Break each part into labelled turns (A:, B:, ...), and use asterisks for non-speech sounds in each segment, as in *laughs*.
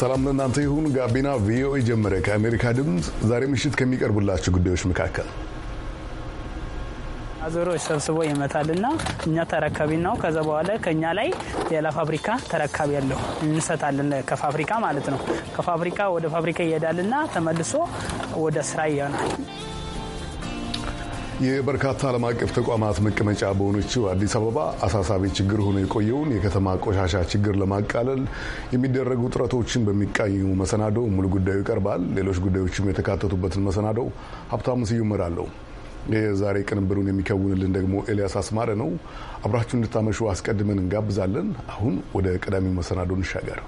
A: ሰላም ለእናንተ ይሁን። ጋቢና ቪኦኤ ጀመረ። ከአሜሪካ ድምፅ ዛሬ ምሽት ከሚቀርቡላቸው ጉዳዮች መካከል
B: አዞሮች ሰብስቦ ይመታልና እኛ ተረካቢ ነው። ከዛ በኋላ ከኛ ላይ ሌላ ፋብሪካ ተረካቢ ያለው እንሰጣለን። ከፋብሪካ ማለት ነው። ከፋብሪካ ወደ ፋብሪካ ይሄዳልና ተመልሶ ወደ ስራ ይሆናል።
A: የበርካታ ዓለም አቀፍ ተቋማት መቀመጫ በሆነችው አዲስ አበባ አሳሳቢ ችግር ሆኖ የቆየውን የከተማ ቆሻሻ ችግር ለማቃለል የሚደረጉ ጥረቶችን በሚቃኙ መሰናዶ ሙሉ ጉዳዩ ይቀርባል። ሌሎች ጉዳዮችም የተካተቱበትን መሰናዶ ሀብታሙ ስዩም እመራለሁ። የዛሬ ቅንብሩን የሚከውንልን ደግሞ ኤልያስ አስማረ ነው። አብራችሁ እንድታመሹ አስቀድመን እንጋብዛለን። አሁን ወደ ቀዳሚው መሰናዶ እንሻገር።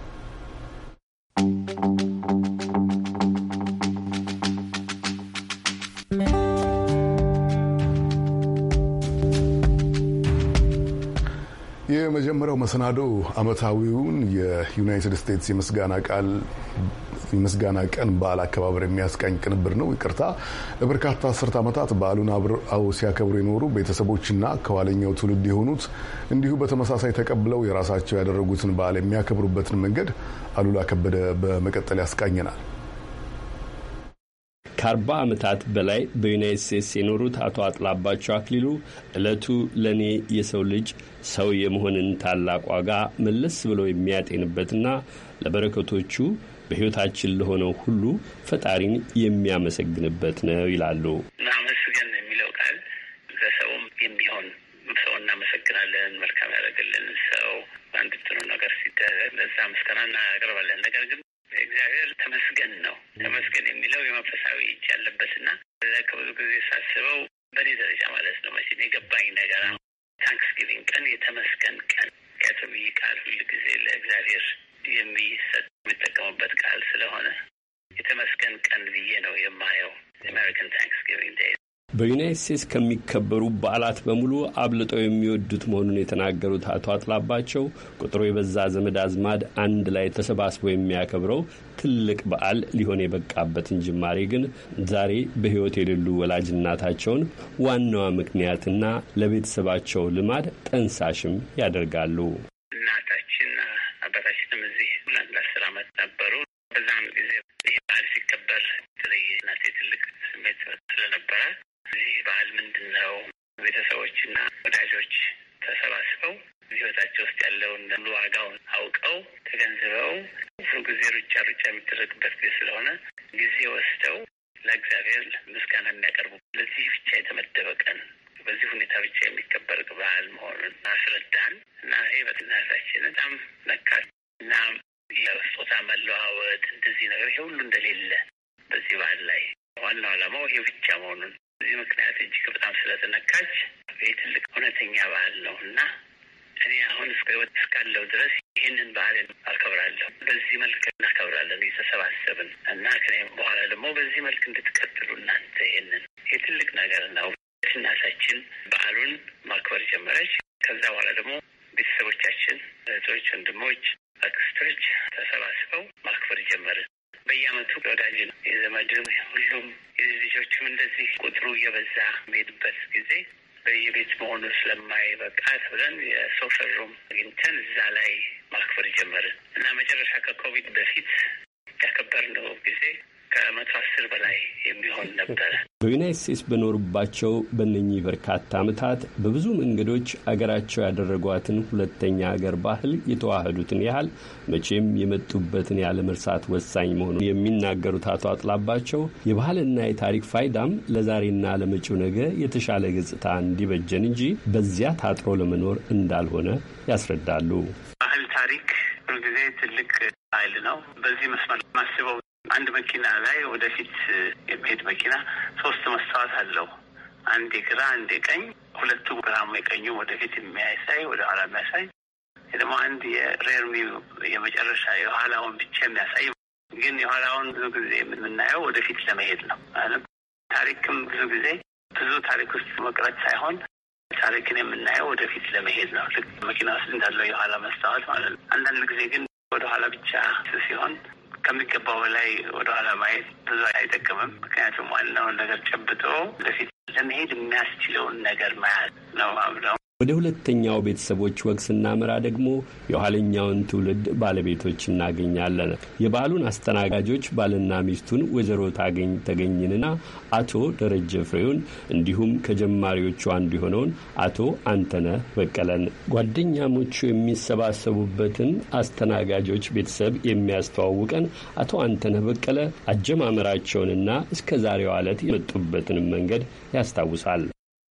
A: መሰናዶ አመታዊውን የዩናይትድ ስቴትስ የምስጋና ቃል የምስጋና ቀን በዓል አከባበር የሚያስቃኝ ቅንብር ነው። ይቅርታ ለበርካታ አስርት ዓመታት በዓሉን አብረው ሲያከብሩ የኖሩ ቤተሰቦችና ከኋለኛው ትውልድ የሆኑት እንዲሁ በተመሳሳይ ተቀብለው የራሳቸው ያደረጉትን በዓል የሚያከብሩበትን መንገድ አሉላ ከበደ በመቀጠል ያስቃኘናል።
C: ከአርባ ዓመታት በላይ በዩናይት ስቴትስ የኖሩት አቶ አጥላባቸው አክሊሉ ዕለቱ ለእኔ የሰው ልጅ ሰው የመሆንን ታላቅ ዋጋ መለስ ብለው የሚያጤንበትና ለበረከቶቹ በሕይወታችን ለሆነው ሁሉ ፈጣሪን የሚያመሰግንበት ነው ይላሉ።
D: ማመስገን የሚለው ቃል ለሰውም የሚሆን ሰው እናመሰግናለን፣ መልካም ያደረግልን ሰው አንድ ጥሩ ነገር ሲደረግ ለዛ ምስጋና እናቀርባለን። ነገር ግን እግዚአብሔር ተመስገን ነው። ተመስገን የሚለው የመንፈሳዊ እጅ ያለበትና ከብዙ ጊዜ ሳስበው በእኔ ደረጃ ማለት ነው መቼም የገባኝ ነገር አሁን ታንክስጊቪንግ ቀን የተመስገን ቀን ከቶብይ ቃል ሁል ጊዜ ለእግዚአብሔር የሚሰጥ የሚጠቀሙበት ቃል ስለሆነ የተመስገን ቀን ብዬ ነው የማየው። አሜሪካን ታንክስጊቪንግ ዴይ
C: በዩናይት ስቴትስ ከሚከበሩ በዓላት በሙሉ አብልጠው የሚወዱት መሆኑን የተናገሩት አቶ አጥላባቸው ቁጥሩ የበዛ ዘመድ አዝማድ አንድ ላይ ተሰባስቦ የሚያከብረው ትልቅ በዓል ሊሆን የበቃበትን ጅማሬ ግን ዛሬ በሕይወት የሌሉ ወላጅናታቸውን ዋናዋ ምክንያትና ለቤተሰባቸው ልማድ ጠንሳሽም ያደርጋሉ። እናታችን አባታችንም እዚህ ለአስር ዓመት ነበሩ።
D: እህቶቻችን፣ እህቶች፣ ወንድሞች፣ አክስቶች ተሰባስበው ማክበር ጀመርን። በየአመቱ ወዳጅ የዘመድም ሁሉም የልጆችም እንደዚህ ቁጥሩ እየበዛ የሚሄድበት ጊዜ በየቤት መሆኑ ስለማይበቃ ተብለን የሶሻል ሩም አግኝተን እዛ ላይ ማክበር ጀመርን እና መጨረሻ ከኮቪድ በፊት ያከበርነው ጊዜ ከመቶ አስር በላይ የሚሆን ነበረ።
C: በዩናይት ስቴትስ በኖሩባቸው በነኚህ በርካታ ዓመታት በብዙ መንገዶች አገራቸው ያደረጓትን ሁለተኛ ሀገር ባህል የተዋህዱትን ያህል መቼም የመጡበትን ያለመርሳት ወሳኝ መሆኑን የሚናገሩት አቶ አጥላባቸው የባህልና የታሪክ ፋይዳም ለዛሬና ለመጪው ነገ የተሻለ ገጽታ እንዲበጀን እንጂ በዚያ ታጥሮ ለመኖር እንዳልሆነ ያስረዳሉ። ባህል ታሪክ ጊዜ ትልቅ ኃይል ነው። በዚህ መስመር ማስበው
D: አንድ መኪና ላይ ወደፊት የሚሄድ መኪና ሶስት መስታወት አለው። አንድ የግራ አንድ የቀኝ፣ ሁለቱ ግራም የቀኙ ወደፊት የሚያሳይ ወደ ኋላ የሚያሳይ ደግሞ አንድ የሬርሚ የመጨረሻ የኋላውን ብቻ የሚያሳይ ግን የኋላውን ብዙ ጊዜ የምናየው ወደፊት ለመሄድ ነው። ታሪክም ብዙ ጊዜ ብዙ ታሪክ ውስጥ መቅረት ሳይሆን ታሪክን የምናየው ወደፊት ለመሄድ ነው። ልክ መኪና ውስጥ እንዳለው የኋላ መስታወት ማለት ነው። አንዳንድ ጊዜ ግን ወደ ኋላ ብቻ ሲሆን ከሚገባው በላይ ወደኋላ ማየት ብዙ አይጠቅምም። ምክንያቱም ዋናውን ነገር ጨብጦ ወደፊት ለመሄድ የሚያስችለውን ነገር መያዝ
C: ነው አምነው ወደ ሁለተኛው ቤተሰቦች ወግ ስናመራ ደግሞ የኋለኛውን ትውልድ ባለቤቶች እናገኛለን። የባህሉን አስተናጋጆች ባልና ሚስቱን ወይዘሮ ታገኝ ተገኝንና አቶ ደረጀ ፍሬውን እንዲሁም ከጀማሪዎቹ አንዱ የሆነውን አቶ አንተነህ በቀለን ጓደኛሞቹ የሚሰባሰቡበትን አስተናጋጆች ቤተሰብ የሚያስተዋውቀን አቶ አንተነህ በቀለ አጀማመራቸውንና እስከ ዛሬዋ ዕለት የመጡበትንም መንገድ ያስታውሳል።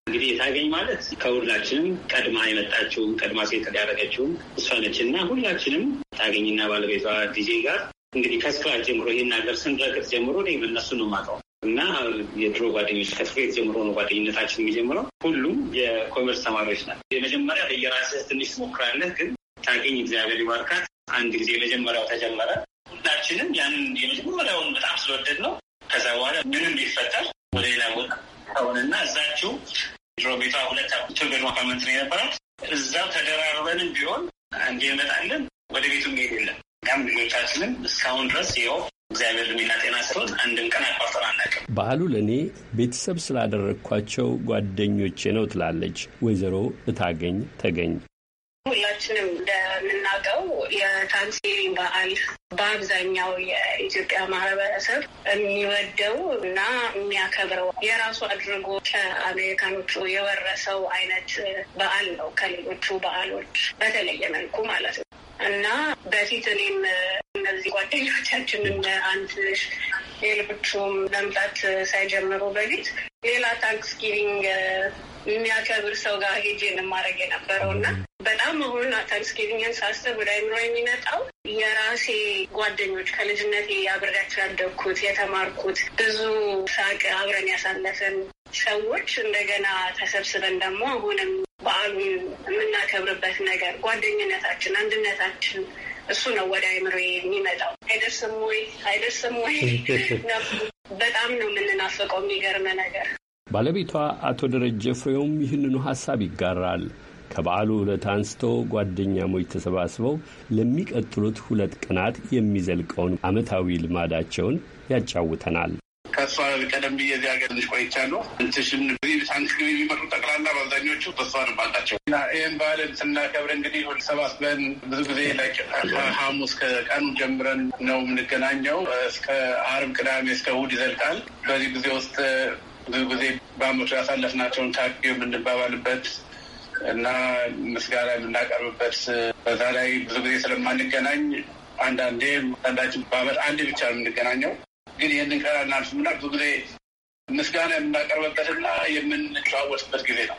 B: እንግዲህ የታገኝ ማለት ከሁላችንም ቀድማ የመጣችውም ቀድማ ሴት ያደረገችውም እሷ ነች እና ሁላችንም ታገኝና ባለቤቷ ዲጄ ጋር እንግዲህ ከስክራት ጀምሮ ይህን ሀገር ስንረግጥ ጀምሮ እነሱ ነው የማውቀው እና የድሮ ጓደኞች ከስክሬት ጀምሮ ነው ጓደኝነታችን የሚጀምረው። ሁሉም የኮመርስ ተማሪዎች ናት። የመጀመሪያ ለየራስህ ትንሽ ትሞክራለህ፣ ግን ታገኝ እግዚአብሔር ይባርካት። አንድ ጊዜ የመጀመሪያው ተጀመረ። ሁላችንም ያንን የመጀመሪያውን በጣም ስለወደድ ነው። ከዛ በኋላ ምንም ሊፈጠር ወደ ሌላ ቦታ አሁንና እዛችው ድሮ ቤቷ ሁለት አብቶ ገድሞ አፓርትመንት ነው የነበራት። እዛው ተደራርበንም ቢሆን አንድ ይመጣለን ወደ ቤቱ መሄድ የለም። ያም ልጆቻችንም እስካሁን ድረስ ይኸው እግዚአብሔር
D: እድሜና ጤና ስሮት
C: አንድም ቀን አቋርጠን አናውቅም። ባህሉ ለእኔ ቤተሰብ ስላደረግኳቸው ጓደኞቼ ነው ትላለች ወይዘሮ እታገኝ ተገኝ።
D: ሁላችንም
B: እንደምናውቀው የታክሲን በዓል በአብዛኛው የኢትዮጵያ ማህበረሰብ የሚወደው እና የሚያከብረው የራሱ አድርጎ ከአሜሪካኖቹ የወረሰው አይነት በዓል ነው፣ ከሌሎቹ በዓሎች በተለየ መልኩ ማለት ነው እና በፊት እኔም እነዚህ እንደ አንትሽ ሌሎቹም መምጣት ሳይጀምሩ በፊት ሌላ ታንክስጊቪንግ የሚያከብር ሰው ጋር ሄጄ እንማረግ የነበረው እና በጣም አሁን ታንክስጊቪንግን ሳስብ ወደ አይምሮ የሚመጣው የራሴ ጓደኞች ከልጅነት አብሬያቸው ያደግኩት የተማርኩት ብዙ ሳቅ አብረን ያሳለፍን ሰዎች እንደገና ተሰብስበን ደግሞ አሁንም በዓሉን የምናከብርበት ነገር ጓደኝነታችን፣ አንድነታችን እሱ ነው ወደ አይምሮ የሚመጣው። አይደርስም ወይ አይደርስም ወይ *laughs* በጣም ነው የምንናፍቀው። የሚገርመ ነገር
C: ባለቤቷ አቶ ደረጀ ፍሬውም ይህንኑ ሀሳብ ይጋራል። ከበዓሉ ዕለት አንስቶ ጓደኛሞች ተሰባስበው ለሚቀጥሉት ሁለት ቀናት የሚዘልቀውን ዓመታዊ ልማዳቸውን ያጫውተናል።
B: ከእሷ ቀደም ብዬ እዚህ ሀገር ትንሽ ቆይቻለሁ። እንትሽን
A: ሳንስክሪ የሚመጡ ጠቅላላ በአብዛኞቹ በእሷ ነው ባላቸው እና ይህን ባህል ስናከብር እንግዲህ ሁል በን ብዙ ጊዜ ላይ ሐሙስ ከቀኑ ጀምረን ነው የምንገናኘው እስከ አርብ፣ ቅዳሜ እስከ እሑድ ይዘልቃል። በዚህ ጊዜ ውስጥ ብዙ ጊዜ በአመቱ
B: ያሳለፍናቸውን ታሪክ የምንባባልበት እና ምስጋና የምናቀርብበት
A: በዛ ላይ ብዙ ጊዜ ስለማንገናኝ አንዳንዴ አንዳችን በዓመት አንዴ ብቻ ነው የምንገናኘው ግን ይህንን ከራ እናልፍምና ብዙ ጊዜ ምስጋና የምናቀርበበትና የምንተዋወስበት ጊዜ
C: ነው።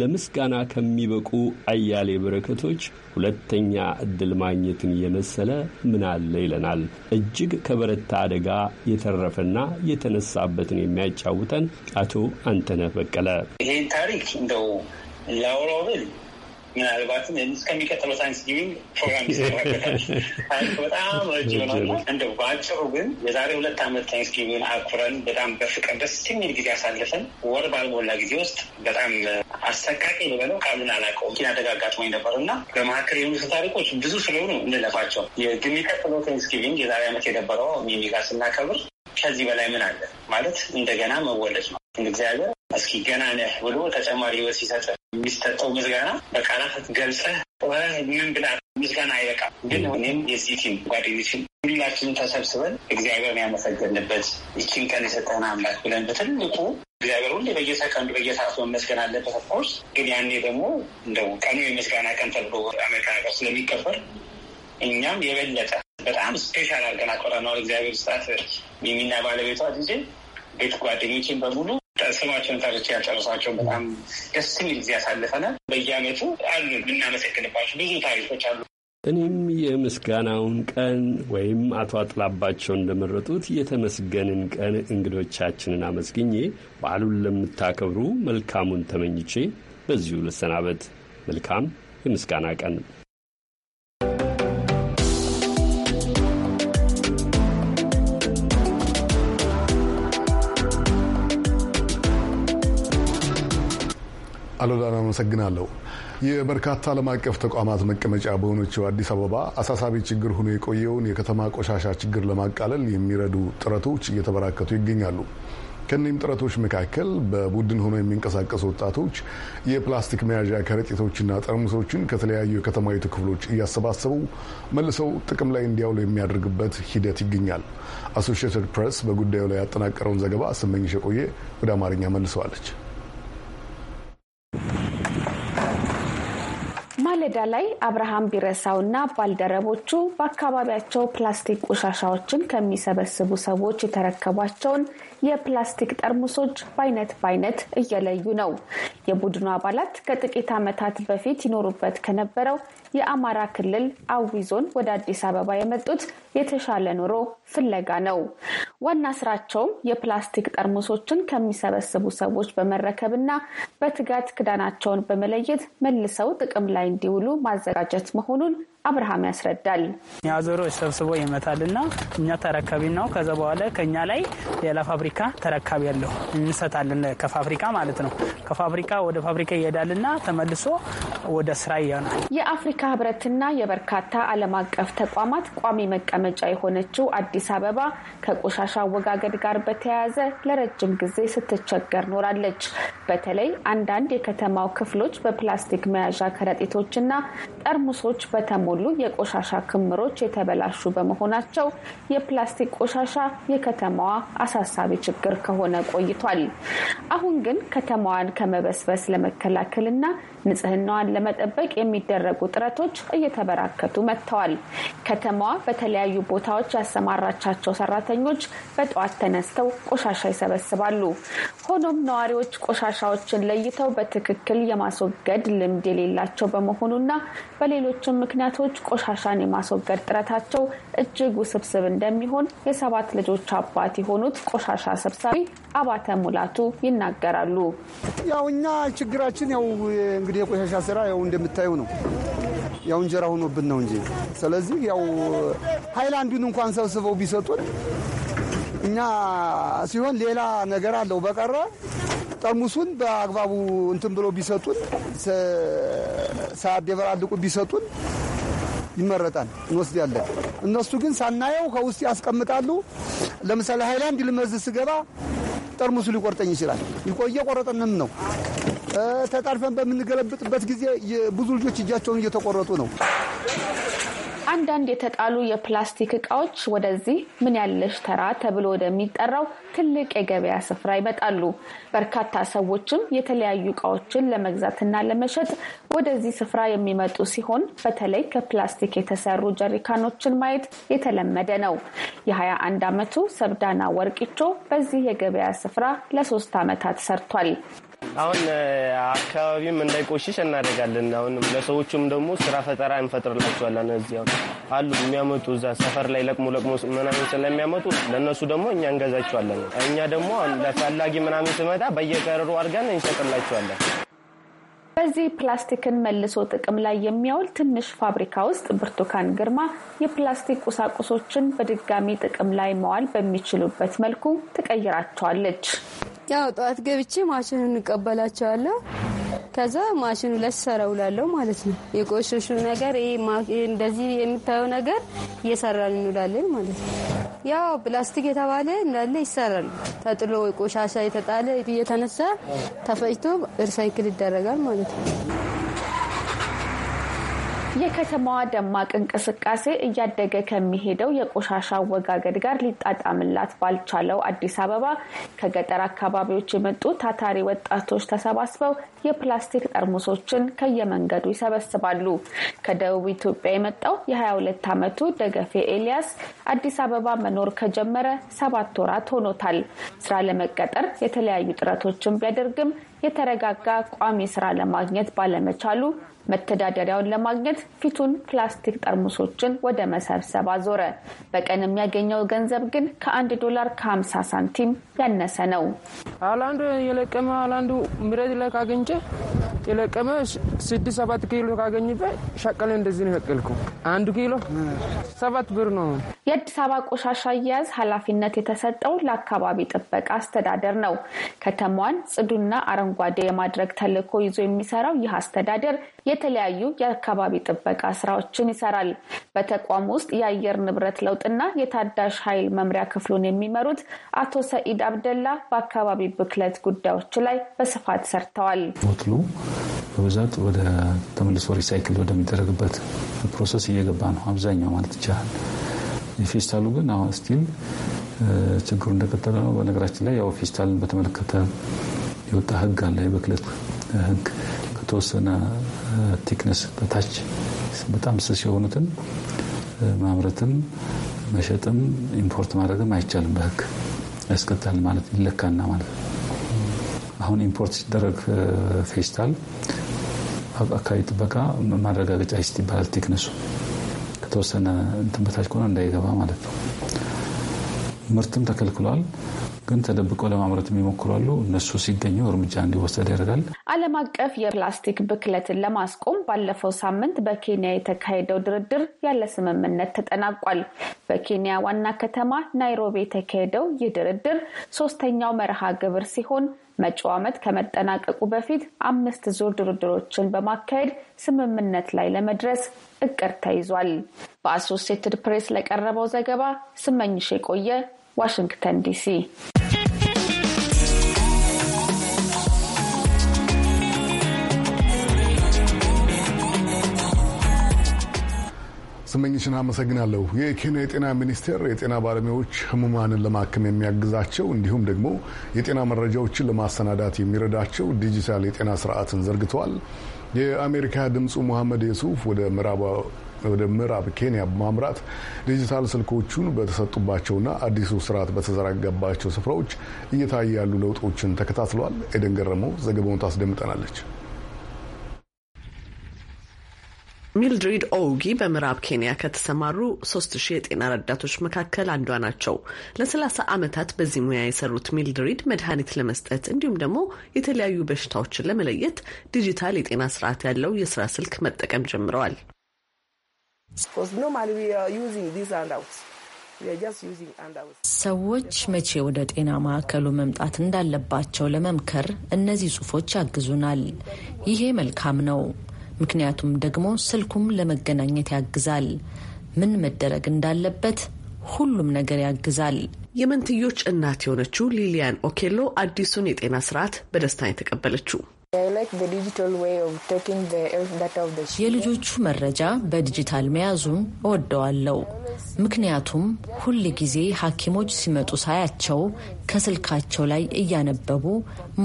C: ለምስጋና ከሚበቁ አያሌ በረከቶች ሁለተኛ እድል ማግኘትን የመሰለ ምን አለ ይለናል። እጅግ ከበረታ አደጋ የተረፈና የተነሳበትን የሚያጫውተን አቶ አንተነህ በቀለ
B: ይሄን ታሪክ እንደው ላውራው ብል ምናልባትም እስከሚቀጥለው ሳይንስ ጊቪንግ
C: ፕሮግራም ይሰራበታል። በጣም ረጅ ሆነና እንደው በአጭሩ ግን የዛሬ ሁለት ዓመት
B: ሳይንስ ጊቪንግ አኩረን በጣም በፍቅር ደስ የሚል ጊዜ አሳልፈን ወር ባልሞላ ጊዜ ውስጥ በጣም አሰቃቂ ልበለው ቃሉን አላውቀውም ኪን አደጋ አጋጥሞኝ ነበር እና በመካከል የሆኑት ታሪኮች ብዙ ስለሆኑ እንለፋቸው። የሚቀጥለው ሳይንስ ጊቪንግ የዛሬ ዓመት የነበረው ሚሚጋ ስናከብር ከዚህ በላይ ምን አለ ማለት እንደገና መወለድ ነው። እግዚአብሔር እስኪ ገና ነህ ብሎ ተጨማሪ ህይወት ሲሰጥ የሚሰጠው ምዝገና በቃላት ገልጸህ ምን ብላ ምስጋና አይበቃም። ግን እኔም የዚህ ቲም ጓደኞችን ሁላችንም ተሰብስበን እግዚአብሔርን ያመሰገንበት ይችን ቀን የሰጠን አምላክ ብለን በትልቁ እግዚአብሔር ሁሌ በየሰቀንዱ በየሰዓቱ መመስገን አለበት። ኦፍኮርስ ግን ያኔ ደግሞ እንደው ቀኑ የምስጋና ቀን ተብሎ አሜሪካ ሀገር ስለሚከበር እኛም የበለጠ በጣም ስፔሻል አድርገን አቆረነዋል። እግዚአብሔር ስጣት የሚና ባለቤቷ ጊዜ ቤት ጓደኞችን በሙሉ ስማቸውን ጠርቼ ያልጨረሳቸው በጣም ደስ የሚል ጊዜ ያሳልፈናል። በየአመቱ አሉ የምናመሰግንባቸው ብዙ
D: ታሪኮች አሉ።
C: እኔም የምስጋናውን ቀን ወይም አቶ አጥላባቸው እንደመረጡት የተመስገንን ቀን እንግዶቻችንን አመስግኜ በዓሉን ለምታከብሩ መልካሙን ተመኝቼ በዚሁ ልሰናበት። መልካም የምስጋና ቀን
A: አሉላን አመሰግናለሁ። የበርካታ ዓለም አቀፍ ተቋማት መቀመጫ በሆነችው አዲስ አበባ አሳሳቢ ችግር ሆኖ የቆየውን የከተማ ቆሻሻ ችግር ለማቃለል የሚረዱ ጥረቶች እየተበራከቱ ይገኛሉ። ከእነዚህም ጥረቶች መካከል በቡድን ሆኖ የሚንቀሳቀሱ ወጣቶች የፕላስቲክ መያዣ ከረጢቶችና ጠርሙሶችን ከተለያዩ የከተማይቱ ክፍሎች እያሰባሰቡ መልሰው ጥቅም ላይ እንዲያውሉ የሚያደርግበት ሂደት ይገኛል። አሶሺየትድ ፕሬስ በጉዳዩ ላይ ያጠናቀረውን ዘገባ ስመኝሽ የቆየ ወደ አማርኛ መልሰዋለች።
E: ሜዳ ላይ አብርሃም ቢረሳውና ባልደረቦቹ በአካባቢያቸው ፕላስቲክ ቆሻሻዎችን ከሚሰበስቡ ሰዎች የተረከቧቸውን የፕላስቲክ ጠርሙሶች በአይነት በአይነት እየለዩ ነው። የቡድኑ አባላት ከጥቂት ዓመታት በፊት ይኖሩበት ከነበረው የአማራ ክልል አዊ ዞን ወደ አዲስ አበባ የመጡት የተሻለ ኑሮ ፍለጋ ነው። ዋና ስራቸውም የፕላስቲክ ጠርሙሶችን ከሚሰበስቡ ሰዎች በመረከብ እና በትጋት ክዳናቸውን በመለየት መልሰው ጥቅም ላይ እንዲውሉ ማዘጋጀት መሆኑን አብርሃም ያስረዳል።
B: አዞሮች ሰብስቦ ይመታልና እኛ ተረካቢ ነው። ከዛ በኋላ ከኛ ላይ ሌላ ፋብሪካ ተረካቢ ያለው እንሰጣለን። ከፋብሪካ ማለት ነው። ከፋብሪካ ወደ ፋብሪካ ይሄዳልና ተመልሶ ወደ ስራ ይሆናል።
E: የአፍሪካ ህብረትና የበርካታ ዓለም አቀፍ ተቋማት ቋሚ መቀመጫ የሆነችው አዲስ አበባ ከቆሻሻ አወጋገድ ጋር በተያያዘ ለረጅም ጊዜ ስትቸገር ኖራለች። በተለይ አንዳንድ የከተማው ክፍሎች በፕላስቲክ መያዣ ከረጢቶችና ጠርሙሶች በተሞ የተሞሉ የቆሻሻ ክምሮች የተበላሹ በመሆናቸው የፕላስቲክ ቆሻሻ የከተማዋ አሳሳቢ ችግር ከሆነ ቆይቷል። አሁን ግን ከተማዋን ከመበስበስ ለመከላከልና ንጽህናዋን ለመጠበቅ የሚደረጉ ጥረቶች እየተበራከቱ መጥተዋል። ከተማዋ በተለያዩ ቦታዎች ያሰማራቻቸው ሰራተኞች በጠዋት ተነስተው ቆሻሻ ይሰበስባሉ። ሆኖም ነዋሪዎች ቆሻሻዎችን ለይተው በትክክል የማስወገድ ልምድ የሌላቸው በመሆኑና በሌሎችም ምክንያቶች ቆሻሻን የማስወገድ ጥረታቸው እጅግ ውስብስብ እንደሚሆን የሰባት ልጆች አባት የሆኑት ቆሻሻ ሰብሳቢ አባተ ሙላቱ ይናገራሉ።
A: ያው እኛ ችግራችን ያው እንግዲህ የቆሻሻ ስራ ያው እንደምታዩ ነው። ያው እንጀራ ሆኖብን ነው እንጂ ስለዚህ ያው ሀይላንዱን እንኳን ሰብስበው ቢሰጡን እኛ ሲሆን ሌላ ነገር አለው በቀረ ጠርሙሱን በአግባቡ እንትን ብለው ቢሰጡን ሳያደበላልቁ ቢሰጡን ይመረጣል። እንወስዳለን። እነሱ ግን ሳናየው ከውስጥ ያስቀምጣሉ። ለምሳሌ ሀይላንድ ልመዝ ስገባ ጠርሙሱ ሊቆርጠኝ ይችላል። ይቆየ ቆረጠንም ነው ተጣድፈን በምንገለብጥበት ጊዜ ብዙ ልጆች እጃቸውን እየተቆረጡ ነው።
E: አንዳንድ የተጣሉ የፕላስቲክ እቃዎች ወደዚህ ምን ያለሽ ተራ ተብሎ ወደሚጠራው ትልቅ የገበያ ስፍራ ይመጣሉ። በርካታ ሰዎችም የተለያዩ እቃዎችን ለመግዛትና ለመሸጥ ወደዚህ ስፍራ የሚመጡ ሲሆን በተለይ ከፕላስቲክ የተሰሩ ጀሪካኖችን ማየት የተለመደ ነው። የ21 ዓመቱ ሰብዳና ወርቂቾ በዚህ የገበያ ስፍራ ለሶስት ዓመታት ሰርቷል።
B: አሁን አካባቢም እንዳይቆሽሽ እናደርጋለን። አሁን ለሰዎቹም ደግሞ ስራ ፈጠራ እንፈጥርላቸዋለን። እዚህ አሉ የሚያመጡ እዛ ሰፈር ላይ ለቅሞ ለቅሞ ምናምን ስለሚያመጡ ለእነሱ ደግሞ እኛ እንገዛቸዋለን። እኛ ደግሞ ለፈላጊ ምናምን ስመጣ በየቀረሩ አድርገን
A: እንሸጥላቸዋለን።
E: በዚህ ፕላስቲክን መልሶ ጥቅም ላይ የሚያውል ትንሽ ፋብሪካ ውስጥ ብርቱካን ግርማ የፕላስቲክ ቁሳቁሶችን በድጋሚ ጥቅም ላይ መዋል በሚችሉበት መልኩ ትቀይራቸዋለች። ያው ጠዋት ገብቼ ማሽኑን እንቀበላቸዋለሁ ከዛ ማሽኑ ላይ ሰራ ውላለው ማለት ነው። የቆሸሹ ነገር
B: እንደዚህ የምታየው ነገር እየሰራን እንውላለን ማለት ነው። ያው ፕላስቲክ የተባለ እንዳለ ይሰራል። ተጥሎ ቆሻሻ የተጣለ እየተነሳ ተፈጭቶ
E: ሪሳይክል ይደረጋል ማለት ነው። የከተማዋ ደማቅ እንቅስቃሴ እያደገ ከሚሄደው የቆሻሻ አወጋገድ ጋር ሊጣጣምላት ባልቻለው አዲስ አበባ ከገጠር አካባቢዎች የመጡ ታታሪ ወጣቶች ተሰባስበው የፕላስቲክ ጠርሙሶችን ከየመንገዱ ይሰበስባሉ። ከደቡብ ኢትዮጵያ የመጣው የ22 ዓመቱ ደገፌ ኤልያስ አዲስ አበባ መኖር ከጀመረ ሰባት ወራት ሆኖታል። ስራ ለመቀጠር የተለያዩ ጥረቶችን ቢያደርግም የተረጋጋ ቋሚ ስራ ለማግኘት ባለመቻሉ መተዳደሪያውን ለማግኘት ፊቱን ፕላስቲክ ጠርሙሶችን ወደ መሰብሰብ አዞረ። በቀን የሚያገኘው ገንዘብ ግን ከአንድ ዶላር ከ50 ሳንቲም ያነሰ ነው።
C: አላንዱ የለቀመ አላንዱ ምረት ላይ ካገኘ የለቀመ ስድስት ሰባት ኪሎ ካገኝበት ሸቀለ እንደዚህ
E: ነው የፈቀልኩ አንዱ ኪሎ ሰባት ብር ነው። የአዲስ አበባ ቆሻሻ አያያዝ ኃላፊነት የተሰጠው ለአካባቢ ጥበቃ አስተዳደር ነው። ከተማዋን ጽዱና አረንጓ አረንጓዴ የማድረግ ተልዕኮ ይዞ የሚሰራው ይህ አስተዳደር የተለያዩ የአካባቢ ጥበቃ ስራዎችን ይሰራል። በተቋም ውስጥ የአየር ንብረት ለውጥና የታዳሽ ኃይል መምሪያ ክፍሉን የሚመሩት አቶ ሰኢድ አብደላ በአካባቢ ብክለት ጉዳዮች ላይ በስፋት ሰርተዋል።
C: ወትሎ በብዛት ወደ ተመልሶ ሪሳይክል ወደሚደረግበት ፕሮሰስ እየገባ ነው አብዛኛው ማለት ይቻላል። የፌስታሉ ግን አሁን ስቲል ችግሩ እንደቀጠለ ነው። በነገራችን ላይ ያው ፌስታልን በተመለከተ የወጣ ህግ አለ። የብክለት ህግ ከተወሰነ ቲክነስ በታች በጣም ስስ የሆኑትን ማምረትም መሸጥም ኢምፖርት ማድረግም አይቻልም። በህግ ያስቀጣል ማለት ይለካና ማለት አሁን ኢምፖርት ሲደረግ ፌስታል አካባቢ ጥበቃ ማረጋገጫ ይስጥ ይባላል። ቲክነሱ ከተወሰነ እንትን በታች ከሆነ እንዳይገባ ማለት ነው። ምርትም ተከልክሏል። ግን ተደብቀው ለማምረት የሚሞክሩ አሉ። እነሱ ሲገኙ እርምጃ እንዲወሰድ ያደርጋል።
E: ዓለም አቀፍ የፕላስቲክ ብክለትን ለማስቆም ባለፈው ሳምንት በኬንያ የተካሄደው ድርድር ያለ ስምምነት ተጠናቋል። በኬንያ ዋና ከተማ ናይሮቢ የተካሄደው ይህ ድርድር ሶስተኛው መርሃ ግብር ሲሆን መጪው ዓመት ከመጠናቀቁ በፊት አምስት ዙር ድርድሮችን በማካሄድ ስምምነት ላይ ለመድረስ እቅድ ተይዟል። በአሶሴትድ ፕሬስ ለቀረበው ዘገባ ስመኝሽ የቆየ ዋሽንግተን ዲሲ
A: ስመኝሽን አመሰግናለሁ። የኬንያ የጤና ሚኒስቴር የጤና ባለሙያዎች ህሙማንን ለማከም የሚያግዛቸው እንዲሁም ደግሞ የጤና መረጃዎችን ለማሰናዳት የሚረዳቸው ዲጂታል የጤና ስርዓትን ዘርግተዋል። የአሜሪካ ድምፁ መሐመድ የሱፍ ወደ ምዕራብ ኬንያ በማምራት ዲጂታል ስልኮቹን በተሰጡባቸውና አዲሱ ስርዓት በተዘረጋባቸው ስፍራዎች እየታዩ ያሉ ለውጦችን ተከታትሏል። ኤደን ገረመው ዘገባውን ታስደምጠናለች።
F: ሚልድሪድ ኦውጊ በምዕራብ ኬንያ ከተሰማሩ ሶስት ሺህ የጤና ረዳቶች መካከል አንዷ ናቸው። ለሰላሳ ዓመታት በዚህ ሙያ የሰሩት ሚልድሪድ መድኃኒት ለመስጠት እንዲሁም ደግሞ የተለያዩ በሽታዎችን ለመለየት ዲጂታል የጤና ስርዓት ያለው የስራ ስልክ መጠቀም ጀምረዋል። ሰዎች መቼ ወደ ጤና ማዕከሉ መምጣት እንዳለባቸው ለመምከር እነዚህ ጽሁፎች ያግዙናል። ይሄ መልካም ነው። ምክንያቱም ደግሞ ስልኩም ለመገናኘት ያግዛል። ምን መደረግ እንዳለበት ሁሉም ነገር ያግዛል። የመንትዮች እናት የሆነችው ሊሊያን ኦኬሎ አዲሱን የጤና ስርዓት በደስታ የተቀበለችው የልጆቹ መረጃ በዲጂታል መያዙን እወደዋለሁ። ምክንያቱም ሁል ጊዜ ሐኪሞች ሲመጡ ሳያቸው ከስልካቸው ላይ እያነበቡ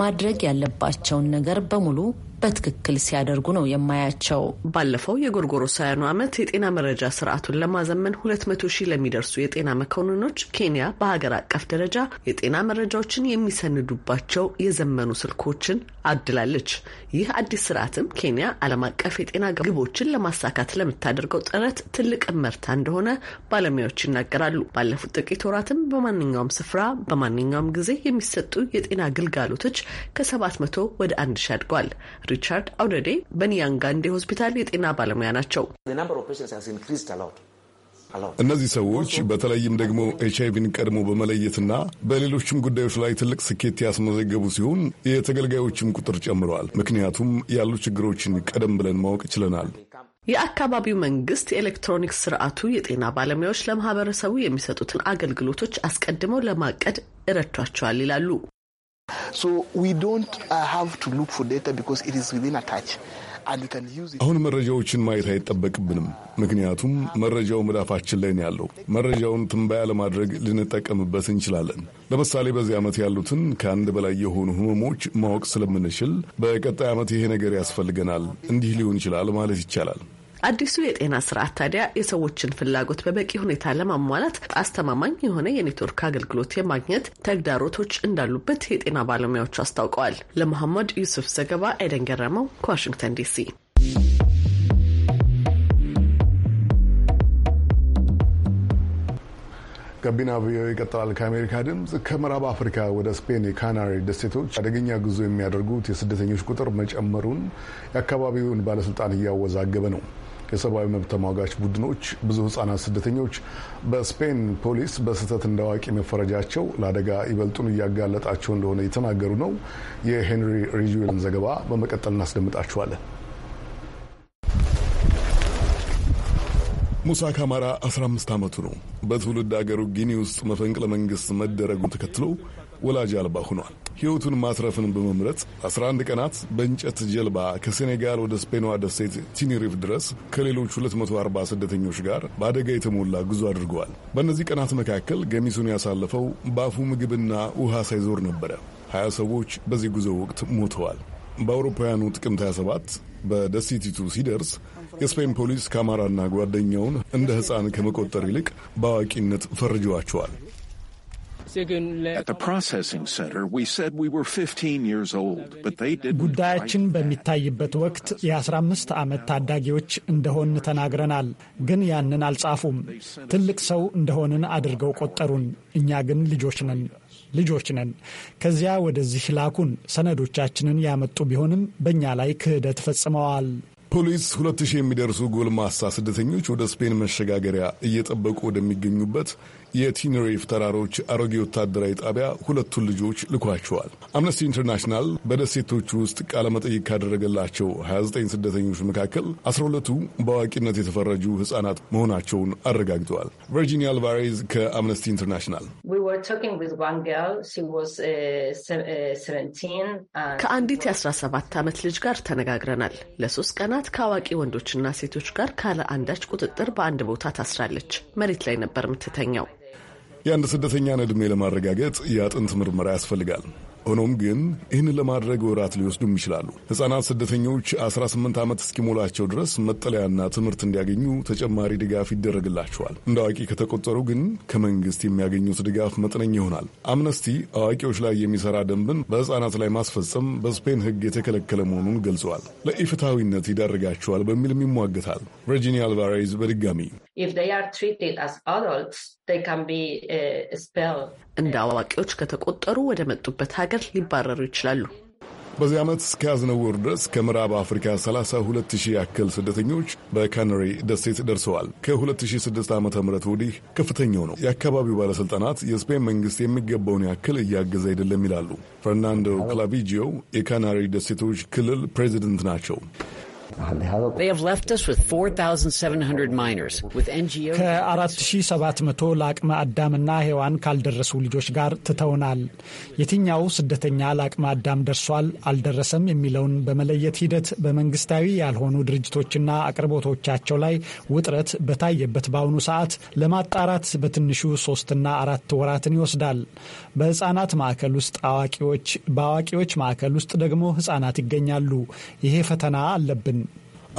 F: ማድረግ ያለባቸውን ነገር በሙሉ በትክክል ሲያደርጉ ነው የማያቸው። ባለፈው የጎርጎሮሳውያኑ ዓመት የጤና መረጃ ስርዓቱን ለማዘመን ሁለት መቶ ሺህ ለሚደርሱ የጤና መኮንኖች ኬንያ በሀገር አቀፍ ደረጃ የጤና መረጃዎችን የሚሰንዱባቸው የዘመኑ ስልኮችን አድላለች። ይህ አዲስ ስርዓትም ኬንያ ዓለም አቀፍ የጤና ግቦችን ለማሳካት ለምታደርገው ጥረት ትልቅ እመርታ እንደሆነ ባለሙያዎች ይናገራሉ። ባለፉት ጥቂት ወራትም በማንኛውም ስፍራ በማንኛውም ጊዜ የሚሰጡ የጤና ግልጋሎቶች ከሰባት መቶ ወደ አንድ ሺ አድገዋል። ሪቻርድ አውደዴ በኒያንጋንዴ ሆስፒታል የጤና ባለሙያ ናቸው።
A: እነዚህ ሰዎች በተለይም ደግሞ ኤች አይቪን ቀድሞ በመለየትና በሌሎችም ጉዳዮች ላይ ትልቅ ስኬት ያስመዘገቡ ሲሆን የተገልጋዮችም ቁጥር ጨምረዋል። ምክንያቱም ያሉ ችግሮችን ቀደም ብለን ማወቅ ችለናል።
F: የአካባቢው መንግስት የኤሌክትሮኒክስ ስርዓቱ የጤና ባለሙያዎች ለማህበረሰቡ የሚሰጡትን አገልግሎቶች አስቀድመው ለማቀድ እረድቷቸዋል ይላሉ። Uh,
A: አሁን መረጃዎችን ማየት አይጠበቅብንም፣ ምክንያቱም መረጃው መዳፋችን ላይ ነው ያለው። መረጃውን ትንበያ ለማድረግ ልንጠቀምበት እንችላለን። ለምሳሌ በዚህ ዓመት ያሉትን ከአንድ በላይ የሆኑ ህመሞች ማወቅ ስለምንችል በቀጣይ ዓመት ይሄ ነገር ያስፈልገናል፣ እንዲህ ሊሆን ይችላል ማለት ይቻላል።
F: አዲሱ የጤና ስርዓት ታዲያ የሰዎችን ፍላጎት በበቂ ሁኔታ ለማሟላት አስተማማኝ የሆነ የኔትወርክ አገልግሎት የማግኘት ተግዳሮቶች እንዳሉበት የጤና ባለሙያዎች አስታውቀዋል። ለመሐመድ ዩሱፍ ዘገባ አይደን ገረመው ከዋሽንግተን ዲሲ።
A: ጋቢና ቪኦኤ ይቀጥላል። ከአሜሪካ ድምፅ ከምዕራብ አፍሪካ ወደ ስፔን የካናሪ ደሴቶች አደገኛ ጉዞ የሚያደርጉት የስደተኞች ቁጥር መጨመሩን የአካባቢውን ባለስልጣን እያወዛገበ ነው። የሰብአዊ መብት ተሟጋች ቡድኖች ብዙ ህጻናት ስደተኞች በስፔን ፖሊስ በስህተት እንደ አዋቂ መፈረጃቸው ለአደጋ ይበልጡን እያጋለጣቸው እንደሆነ የተናገሩ ነው። የሄንሪ ሪጅዌልን ዘገባ በመቀጠል እናስደምጣችኋለን። ሙሳ ካማራ 15 ዓመቱ ነው። በትውልድ አገሩ ጊኒ ውስጥ መፈንቅለ መንግሥት መደረጉን ተከትሎ ወላጅ አልባ ሆኗል። ሕይወቱን ማትረፍን በመምረጥ 11 ቀናት በእንጨት ጀልባ ከሴኔጋል ወደ ስፔኗ ደሴት ቲኒሪፍ ድረስ ከሌሎች 240 ስደተኞች ጋር በአደጋ የተሞላ ጉዞ አድርገዋል። በእነዚህ ቀናት መካከል ገሚሱን ያሳለፈው በአፉ ምግብና ውሃ ሳይዞር ነበረ። 20 ሰዎች በዚህ ጉዞ ወቅት ሞተዋል። በአውሮፓውያኑ ጥቅምት 27 በደሴቲቱ ሲደርስ የስፔን ፖሊስ ካማራና ጓደኛውን እንደ ሕፃን ከመቆጠር ይልቅ በአዋቂነት ፈርጀዋቸዋል።
G: ጉዳያችን በሚታይበት ወቅት የ15 ዓመት ታዳጊዎች እንደሆን ተናግረናል፣ ግን ያንን አልጻፉም። ትልቅ ሰው እንደሆንን አድርገው ቆጠሩን። እኛ ግን ልጆች ነን ልጆች ነን። ከዚያ ወደዚህ ላኩን። ሰነዶቻችንን ያመጡ ቢሆንም በእኛ ላይ ክህደት ፈጽመዋል።
A: ፖሊስ ሁለት የሚደርሱ ጎልማሳ ስደተኞች ወደ ስፔን መሸጋገሪያ እየጠበቁ ወደሚገኙበት የቲነሬፍ ተራሮች አሮጌ ወታደራዊ ጣቢያ ሁለቱን ልጆች ልኳቸዋል። አምነስቲ ኢንተርናሽናል በደሴቶቹ ውስጥ ቃለመጠይቅ ካደረገላቸው 29 ስደተኞች መካከል 12ቱ በአዋቂነት የተፈረጁ ሕጻናት መሆናቸውን አረጋግጠዋል። ቨርጂኒያ አልቫሬዝ ከአምነስቲ ኢንተርናሽናል
E: uh, uh, uh,
F: ከአንዲት የ17 ዓመት ልጅ ጋር ተነጋግረናል። ለሶስት ቀናት ከአዋቂ ወንዶችና ሴቶች ጋር ካለ አንዳች
A: ቁጥጥር በአንድ ቦታ ታስራለች። መሬት ላይ ነበር የምትተኛው። የአንድ ስደተኛን ዕድሜ ለማረጋገጥ የአጥንት ምርመራ ያስፈልጋል። ሆኖም ግን ይህን ለማድረግ ወራት ሊወስዱም ይችላሉ። ሕጻናት ስደተኞች 18 ዓመት እስኪሞላቸው ድረስ መጠለያና ትምህርት እንዲያገኙ ተጨማሪ ድጋፍ ይደረግላቸዋል። እንደ አዋቂ ከተቆጠሩ ግን ከመንግስት የሚያገኙት ድጋፍ መጠነኛ ይሆናል። አምነስቲ አዋቂዎች ላይ የሚሰራ ደንብን በሕጻናት ላይ ማስፈጸም በስፔን ሕግ የተከለከለ መሆኑን ገልጸዋል። ለኢፍትሐዊነት ይዳርጋቸዋል በሚልም ይሟገታል። ቨርጂኒ አልቫሬዝ በድጋሚ እንደ አዋቂዎች ከተቆጠሩ ወደ መጡበት ሀገር ሊባረሩ ይችላሉ። በዚህ ዓመት እስከ ወር ድረስ ከምዕራብ አፍሪካ 32000 ያክል ስደተኞች በካነሪ ደሴት ደርሰዋል። ከ2006 ዓ ም ወዲህ ከፍተኛው ነው። የአካባቢው ባለሥልጣናት የስፔን መንግሥት የሚገባውን ያክል እያገዘ አይደለም ይላሉ። ፈርናንዶ ክላቪጂዮ የካናሪ ደሴቶች ክልል ፕሬዚደንት ናቸው። ከ4700
G: ለአቅመ አዳምና ሔዋን ካልደረሱ ልጆች ጋር ትተውናል። የትኛው ስደተኛ ለአቅመ አዳም ደርሷል አልደረሰም የሚለውን በመለየት ሂደት በመንግስታዊ ያልሆኑ ድርጅቶችና አቅርቦቶቻቸው ላይ ውጥረት በታየበት በአሁኑ ሰዓት ለማጣራት በትንሹ ሶስትና አራት ወራትን ይወስዳል። በህጻናት ማዕከል ውስጥ አዋቂዎች፣ በአዋቂዎች ማዕከል ውስጥ ደግሞ ህጻናት ይገኛሉ። ይሄ ፈተና አለብን።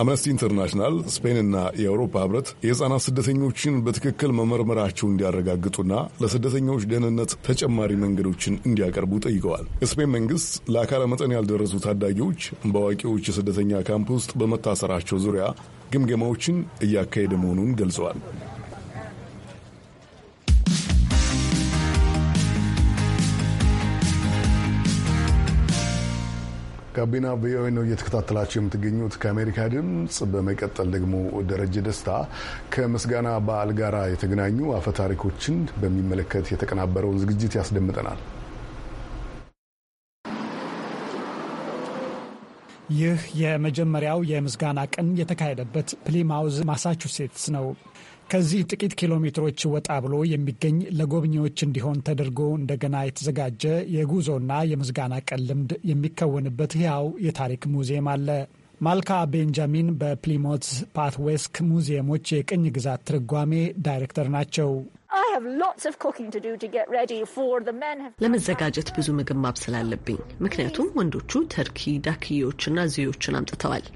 A: አምነስቲ ኢንተርናሽናል ስፔንና የአውሮፓ ህብረት የህፃናት ስደተኞችን በትክክል መመርመራቸው እንዲያረጋግጡና ለስደተኞች ደህንነት ተጨማሪ መንገዶችን እንዲያቀርቡ ጠይቀዋል። የስፔን መንግስት ለአካለ መጠን ያልደረሱ ታዳጊዎች በአዋቂዎች የስደተኛ ካምፕ ውስጥ በመታሰራቸው ዙሪያ ግምገማዎችን እያካሄደ መሆኑን ገልጸዋል። ጋቢና ቪኦኤ ነው እየተከታተላቸው የምትገኙት ከአሜሪካ ድምፅ። በመቀጠል ደግሞ ደረጀ ደስታ ከምስጋና በዓል ጋር የተገናኙ አፈ ታሪኮችን በሚመለከት የተቀናበረውን ዝግጅት ያስደምጠናል።
G: ይህ የመጀመሪያው የምስጋና ቀን የተካሄደበት ፕሊማውዝ ማሳቹሴትስ ነው። ከዚህ ጥቂት ኪሎ ሜትሮች ወጣ ብሎ የሚገኝ ለጎብኚዎች እንዲሆን ተደርጎ እንደገና የተዘጋጀ የጉዞና የምስጋና ቀን ልምድ የሚከወንበት ሕያው የታሪክ ሙዚየም አለ። ማልካ ቤንጃሚን በፕሊሞት ፓትዌስክ ሙዚየሞች የቅኝ ግዛት ትርጓሜ ዳይሬክተር ናቸው።
F: ለመዘጋጀት ብዙ ምግብ ማብሰል አለብኝ፣ ምክንያቱም ወንዶቹ ተርኪ፣ ዳክዬዎችና ዝዮዎችን አምጥተዋል።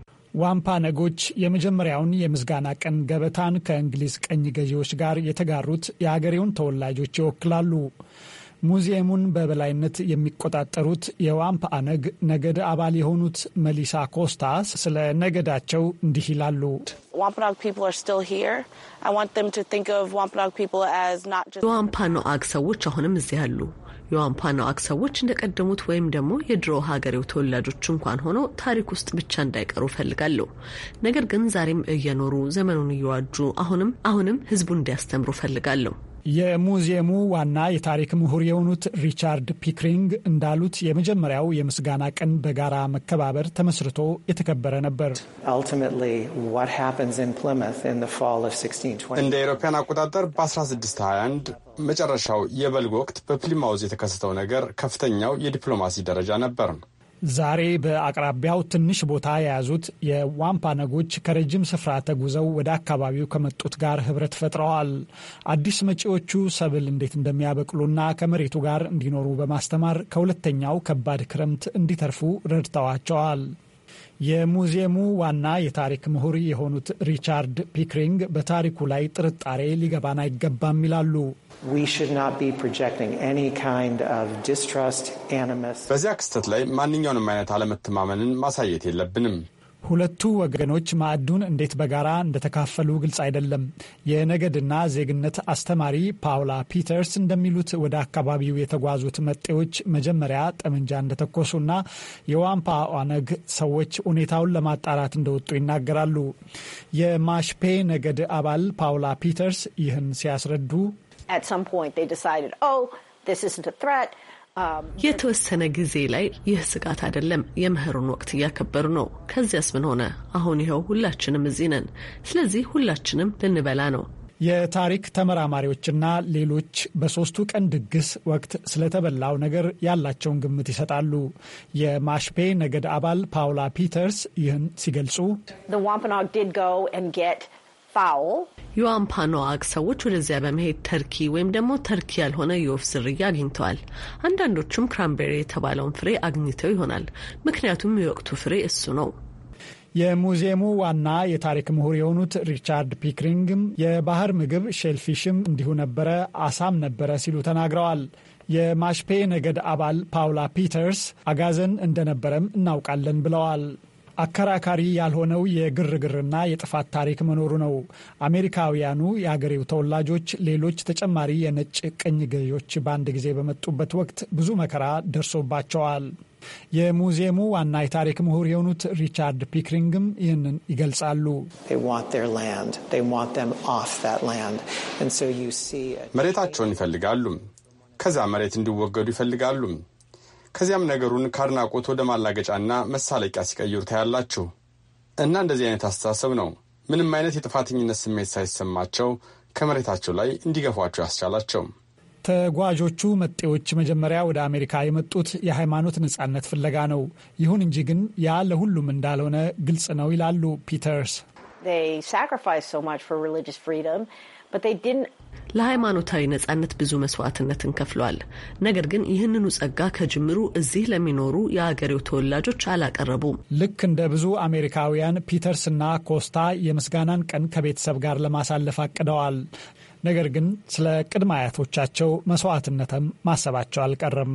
G: ዋምፓ ነጎች የመጀመሪያውን የምስጋና ቀን ገበታን ከእንግሊዝ ቀኝ ገዢዎች ጋር የተጋሩት የአገሬውን ተወላጆች ይወክላሉ። ሙዚየሙን በበላይነት የሚቆጣጠሩት አነግ ነገድ አባል የሆኑት መሊሳ ኮስታ ስለ ነገዳቸው እንዲህ ይላሉ። የዋምፓኖአግ ሰዎች አሁንም
F: እዚህ አሉ። የዋምፓናዋክ ሰዎች እንደቀደሙት ወይም ደግሞ የድሮ ሀገሬው ተወላጆች እንኳን ሆነው ታሪክ ውስጥ ብቻ እንዳይቀሩ ፈልጋለሁ ነገር ግን ዛሬም እየኖሩ ዘመኑን እየዋጁ አሁንም አሁንም ህዝቡ እንዲያስተምሩ ፈልጋለሁ
G: የሙዚየሙ ዋና የታሪክ ምሁር የሆኑት ሪቻርድ ፒክሪንግ እንዳሉት የመጀመሪያው የምስጋና ቀን በጋራ መከባበር ተመስርቶ የተከበረ ነበር።
C: እንደ አውሮፓውያን አቆጣጠር በ1621 መጨረሻው የበልግ ወቅት በፕሊማውዝ የተከሰተው ነገር ከፍተኛው የዲፕሎማሲ ደረጃ ነበር።
G: ዛሬ በአቅራቢያው ትንሽ ቦታ የያዙት የዋምፓነጎች ከረጅም ስፍራ ተጉዘው ወደ አካባቢው ከመጡት ጋር ህብረት ፈጥረዋል። አዲስ መጪዎቹ ሰብል እንዴት እንደሚያበቅሉና ከመሬቱ ጋር እንዲኖሩ በማስተማር ከሁለተኛው ከባድ ክረምት እንዲተርፉ ረድተዋቸዋል። የሙዚየሙ ዋና የታሪክ ምሁር የሆኑት ሪቻርድ ፒክሪንግ በታሪኩ ላይ ጥርጣሬ ሊገባን አይገባም ይላሉ።
C: በዚያ ክስተት ላይ ማንኛውንም አይነት አለመተማመንን ማሳየት የለብንም።
G: ሁለቱ ወገኖች ማዕዱን እንዴት በጋራ እንደተካፈሉ ግልጽ አይደለም። የነገድና ዜግነት አስተማሪ ፓውላ ፒተርስ እንደሚሉት ወደ አካባቢው የተጓዙት መጤዎች መጀመሪያ ጠመንጃ እንደተኮሱና የዋምፓ ኦነግ ሰዎች ሁኔታውን ለማጣራት እንደወጡ ይናገራሉ። የማሽፔ ነገድ አባል ፓውላ ፒተርስ ይህን ሲያስረዱ
F: oh, Um, የተወሰነ ጊዜ ላይ ይህ ስጋት አይደለም። የመኸሩን ወቅት እያከበሩ ነው። ከዚያስ ምን ሆነ? አሁን ይኸው ሁላችንም እዚህ ነን። ስለዚህ ሁላችንም
G: ልንበላ ነው። የታሪክ ተመራማሪዎችና ሌሎች በሶስቱ ቀን ድግስ ወቅት ስለተበላው ነገር ያላቸውን ግምት ይሰጣሉ። የማሽፔ ነገድ አባል ፓውላ ፒተርስ ይህን ሲገልጹ
F: የዋምፓኖአግ ሰዎች ወደዚያ በመሄድ ተርኪ ወይም ደግሞ ተርኪ ያልሆነ የወፍ ዝርያ አግኝተዋል። አንዳንዶቹም ክራምቤሪ የተባለውን ፍሬ አግኝተው ይሆናል፣ ምክንያቱም የወቅቱ ፍሬ እሱ ነው።
G: የሙዚየሙ ዋና የታሪክ ምሁር የሆኑት ሪቻርድ ፒክሪንግም የባህር ምግብ ሼልፊሽም እንዲሁ ነበረ፣ አሳም ነበረ ሲሉ ተናግረዋል። የማሽፔ ነገድ አባል ፓውላ ፒተርስ አጋዘን እንደነበረም እናውቃለን ብለዋል። አከራካሪ ያልሆነው የግርግርና የጥፋት ታሪክ መኖሩ ነው። አሜሪካውያኑ የአገሬው ተወላጆች ሌሎች ተጨማሪ የነጭ ቅኝ ገዢዎች በአንድ ጊዜ በመጡበት ወቅት ብዙ መከራ ደርሶባቸዋል። የሙዚየሙ ዋና የታሪክ ምሁር የሆኑት ሪቻርድ ፒክሪንግም ይህንን ይገልጻሉ።
C: መሬታቸውን ይፈልጋሉ። ከዛ መሬት እንዲወገዱ ይፈልጋሉ። ከዚያም ነገሩን ከአድናቆት ወደ ማላገጫና መሳለቂያ ሲቀይሩ ታያላችሁ። እና እንደዚህ አይነት አስተሳሰብ ነው ምንም አይነት የጥፋተኝነት ስሜት ሳይሰማቸው ከመሬታቸው ላይ እንዲገፏቸው ያስቻላቸው።
G: ተጓዦቹ መጤዎች መጀመሪያ ወደ አሜሪካ የመጡት የሃይማኖት ነጻነት ፍለጋ ነው። ይሁን እንጂ ግን ያ ለሁሉም እንዳልሆነ ግልጽ ነው ይላሉ ፒተርስ። ለሃይማኖታዊ ነጻነት ብዙ መስዋዕትነትን ከፍሏል። ነገር ግን ይህንኑ ጸጋ ከጅምሩ እዚህ ለሚኖሩ የአገሬው ተወላጆች አላቀረቡም። ልክ እንደ ብዙ አሜሪካውያን ፒተርስና ኮስታ የምስጋናን ቀን ከቤተሰብ ጋር ለማሳለፍ አቅደዋል። ነገር ግን ስለ ቅድመ አያቶቻቸው መስዋዕትነትም ማሰባቸው አልቀረም።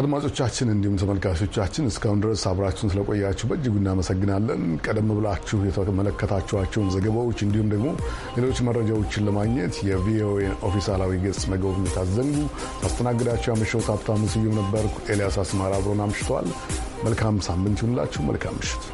A: አድማጮቻችን እንዲሁም ተመልካቾቻችን እስካሁን ድረስ አብራችሁን ስለቆያችሁ በእጅጉ እናመሰግናለን። ቀደም ብላችሁ የተመለከታችኋቸውን ዘገባዎች እንዲሁም ደግሞ ሌሎች መረጃዎችን ለማግኘት የቪኦኤን ኦፊሳላዊ ገጽ መጎብኘት አትዘንጉ። ታስተናግዳችሁ ያመሸሁት ሀብታሙ ስዩም ነበርኩ። ኤልያስ አስማራ አብሮን አምሽተዋል። መልካም ሳምንት ይሁንላችሁ። መልካም ምሽት።